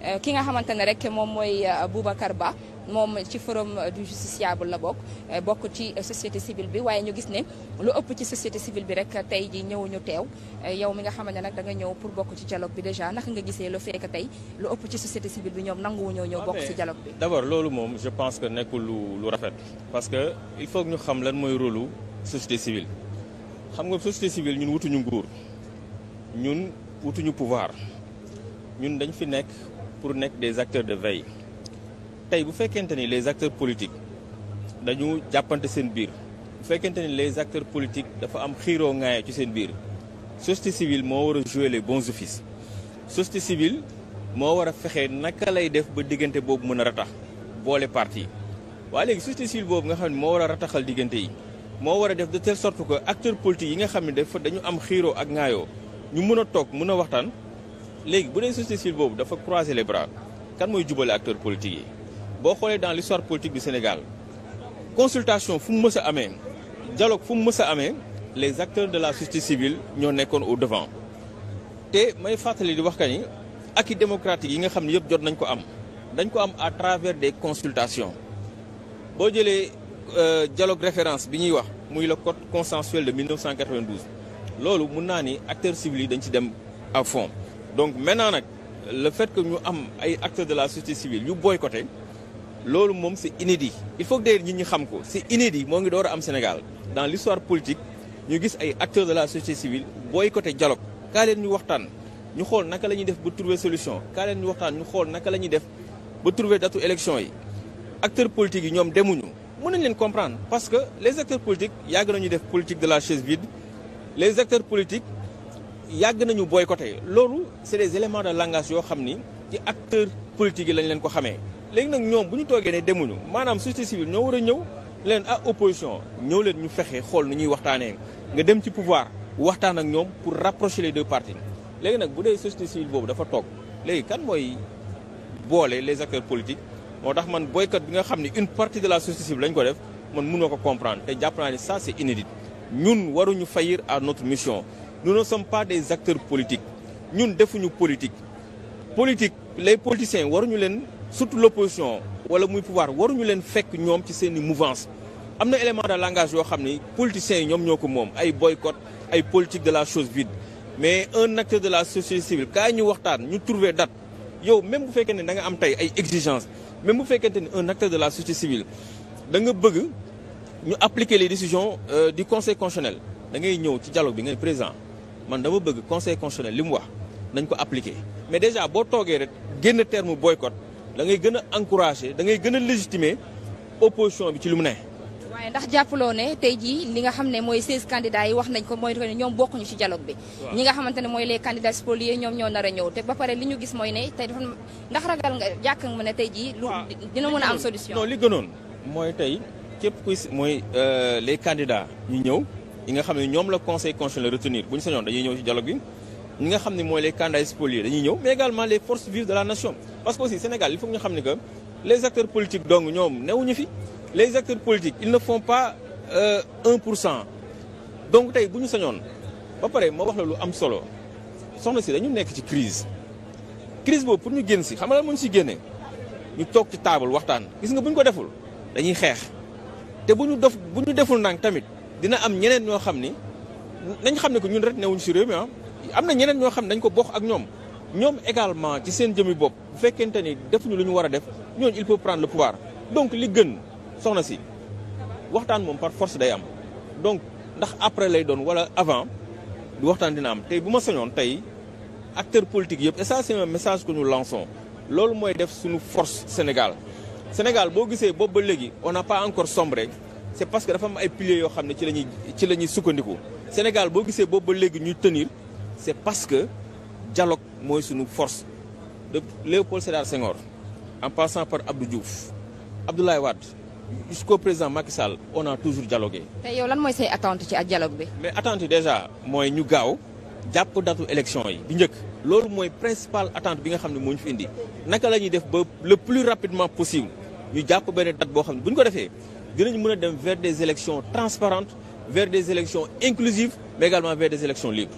Euh, ki nga xamante ne rek moom mooy euh, Boubacar Ba moom ci forum euh, du justiciable la bokk bokk ci société civile bi waaye ñu gis ne lu ëpp ci société civile bi rek tey ji ñëwuñu teew yow mi nga xamante ne nag da nga ñëw pour bokk ci dialogue bi déjà naka nga gisee lu fekk tey lu ëpp ci société civile bi ñoom nanguwuñoo ñëw ah, bokk ci dialogue bi d'abord loolu moom je pense que nekkul lu lu rafet parce que il faut ñu xam lan mooy rôle société civile xam nga société civile ñun wutuñu nguur ñun wutuñu pouvoir ñun dañ fi nekk pour nekk des acteurs de veille tey bu fekkente ni les acteurs politiques dañu jàppante seen biir bu fekkente ni les acteurs politiques dafa am xiiroo ŋaaye ci seen biir société civile moo war a jouer les bons offices moo war a fexe naka lay def ba diggante boobu mën a ratax boole parti waaye léegi société civile boobu nga xam ne moo war a rataxal diggante yi moo war a def de telle sorte que acteurs politiques yi nga xam ne dafa dañu am xiiroo ak ŋaayoo ñu mën a toog mën a waxtaan léegi bu dee société civile boobu dafa croiser les bras kan mooy jubale acteur politique yi boo xoolee dans l'histoire politique du Sénégal consultation fu mu mës a amee dialogue fu mu mës a amee les acteurs de la société civile ñoo nekkoon au devant te may fàttali di wax ka ni ak acquis démocratique yi nga xam ne yëpp jot nañ ko am dañ ko am à travers de consultations boo jëlee euh, dialogue référence bi ñuy wax muy le code consensuel de 1992 loolu mun naa ni acteurs civils yi dañ ci dem à fond donc maintenant nag le fait que ñu am ay acteurs de la société civile yu boycotté loolu moom c'est inédit il faut que d'ailleurs ñi ñu xam ko c'est inédit moo ngi door a am Sénégal dans l'histoire politique ñu gis ay acteurs de la société civile boycotté dialogue kaa leen ñu waxtaan ñu xool naka la ñuy def ba trouver solution kaa leen ñu waxtaan ñu xool naka la ñuy def ba trouver datu élection yi acteurs politiques yi ñoom demuñu mën na leen comprendre parce que les acteurs politiques yàgg nañu def politique de la chaise vide les acteurs politiques yàgg nañu boycotté loolu c'est des éléments de langage yoo xam ni ci acteurs politiques yi lañ leen ko xamee. léegi nag ñoom bu ñu toogee ne demuñu maanaam société civile ñoo war a ñëw leen ah opposition ñëw leen ñu fexe xool nu ñuy waxtaanee nga dem ci pouvoir waxtaan ak ñoom pour rapprocher les deux parties. léegi nag bu dee société civile boobu dafa toog léegi kan mooy boole les acteurs politiques moo tax man boycott bi nga xam ni une partie de la société civile lañ ko def man mënoo ko comprendre te jàpp naa ne ñun waruñu faillir à notre mission. nu ne sommes pas des acteurs politiques ñun defuñu politique. politique les politiciens waruñu leen surtout l'opposition wala muy pouvoir waruñu leen fekk ñoom ci seen i mouvance am na élément de langage yoo xam ni politiciens yi ñoom ñoo ko moom ay boycott ay politique de la chose vide. mais un acteur de la société civile kaay ñu waxtaan ñu trouver date yow même bu fekkee ne da am tey ay exigences même bu fekkente ne un acteur de la société civile da nga bëgg ñu appliquer les décisions euh, du conseil constitutionnel da ngay ñëw ci dialogue bi ngay présent man dama bëgg conseil constitutionnel li mu wax nañ ko appliquer mais déjà boo toogee rek génn terme boycott da ngay gën a encourager da ngay gën a légitimer opposition bi ci lu mu ne. waaye ndax jàppaloo ne tey jii li nga xam ne mooy 16 candidats yi wax nañ ko mooy ne ñoom bokkuñu ci dialogue bi. ñi nga xamante ne mooy les candidats spoliés ñoom ñoo nar a ñëw te ba pare li ñu gis mooy ne tey dafa ndax ragal nga jàkk nga ne tey jii. lu dina mën a am solution. non li gënoon mooy tey képp kuy mooy euh, les candidats ñu ñëw. yi nga xam ne ñoom la conseil constitutionnel retenir bu ñu sañoon dañuy ñëw ci dialogue bi ñi nga xam ne mooy les candidats spoliés dañuy ñëw mais également les forces vives de la nation parce que aussi Sénégal il faut ñu xam ne que les acteurs politiques donc ñoom newuñu fi les acteurs politiques ils ne font pas euh, un pour cent donc tey bu ñu sañoon ba pare moo wax la lu am solo soxna si dañu nekk ci crise crise boobu pour ñu génn si xam nga mu ñu si génne ñu toog ci taabal waxtaan gis nga bu ko deful dañuy xeex te bu ñu def bu ñu deful tamit dina am ñeneen ñoo xam ni nañ xam ne que ñun rek newuñ si réew mi ah am na ñeneen ñoo xam ne dañ ko bokk ak ñoom ñoom également ci seen jëmi bopp bu fekkente ni defuñu lu ñu war a def ñooñu il peut prendre le pouvoir donc li gën soxna si waxtaan moom par force day am donc ndax après lay doon wala avant du waxtaan dina am tey bu ma soñoon tey acteur politique yëpp et ça c'est un message que nous lançons loolu mooy def suñu force Sénégal Sénégal boo gisee boobu ba léegi on n'a pas encore sombré c'est parce que dafa am ay piliers yoo xam ne ci la ñuy ci la ñuy sukkandiku Sénégal boo gisee boobu ba léegi ñuy tenir c'est parce que dialogue mooy sunu force de Léopold Sédar Senghor en passant par Abdou Diouf Abdoulaye Wade jusqu'au président Macky Sall on a toujours dialogué. tey yow lan mooy say attente ci ak dialogue bi. mais attente yi déjà mooy ñu gaaw jàpp datu élection yi bi njëkk. loolu mooy principale attente bi nga xam ne moo ñu fi indi naka la ñuy def ba le plus rapidement possible ñu jàpp benn boo xam ne bu ko defee. dinañ mën a dem vers des élections transparentes vers des élections inclusives mais également vers des élections libres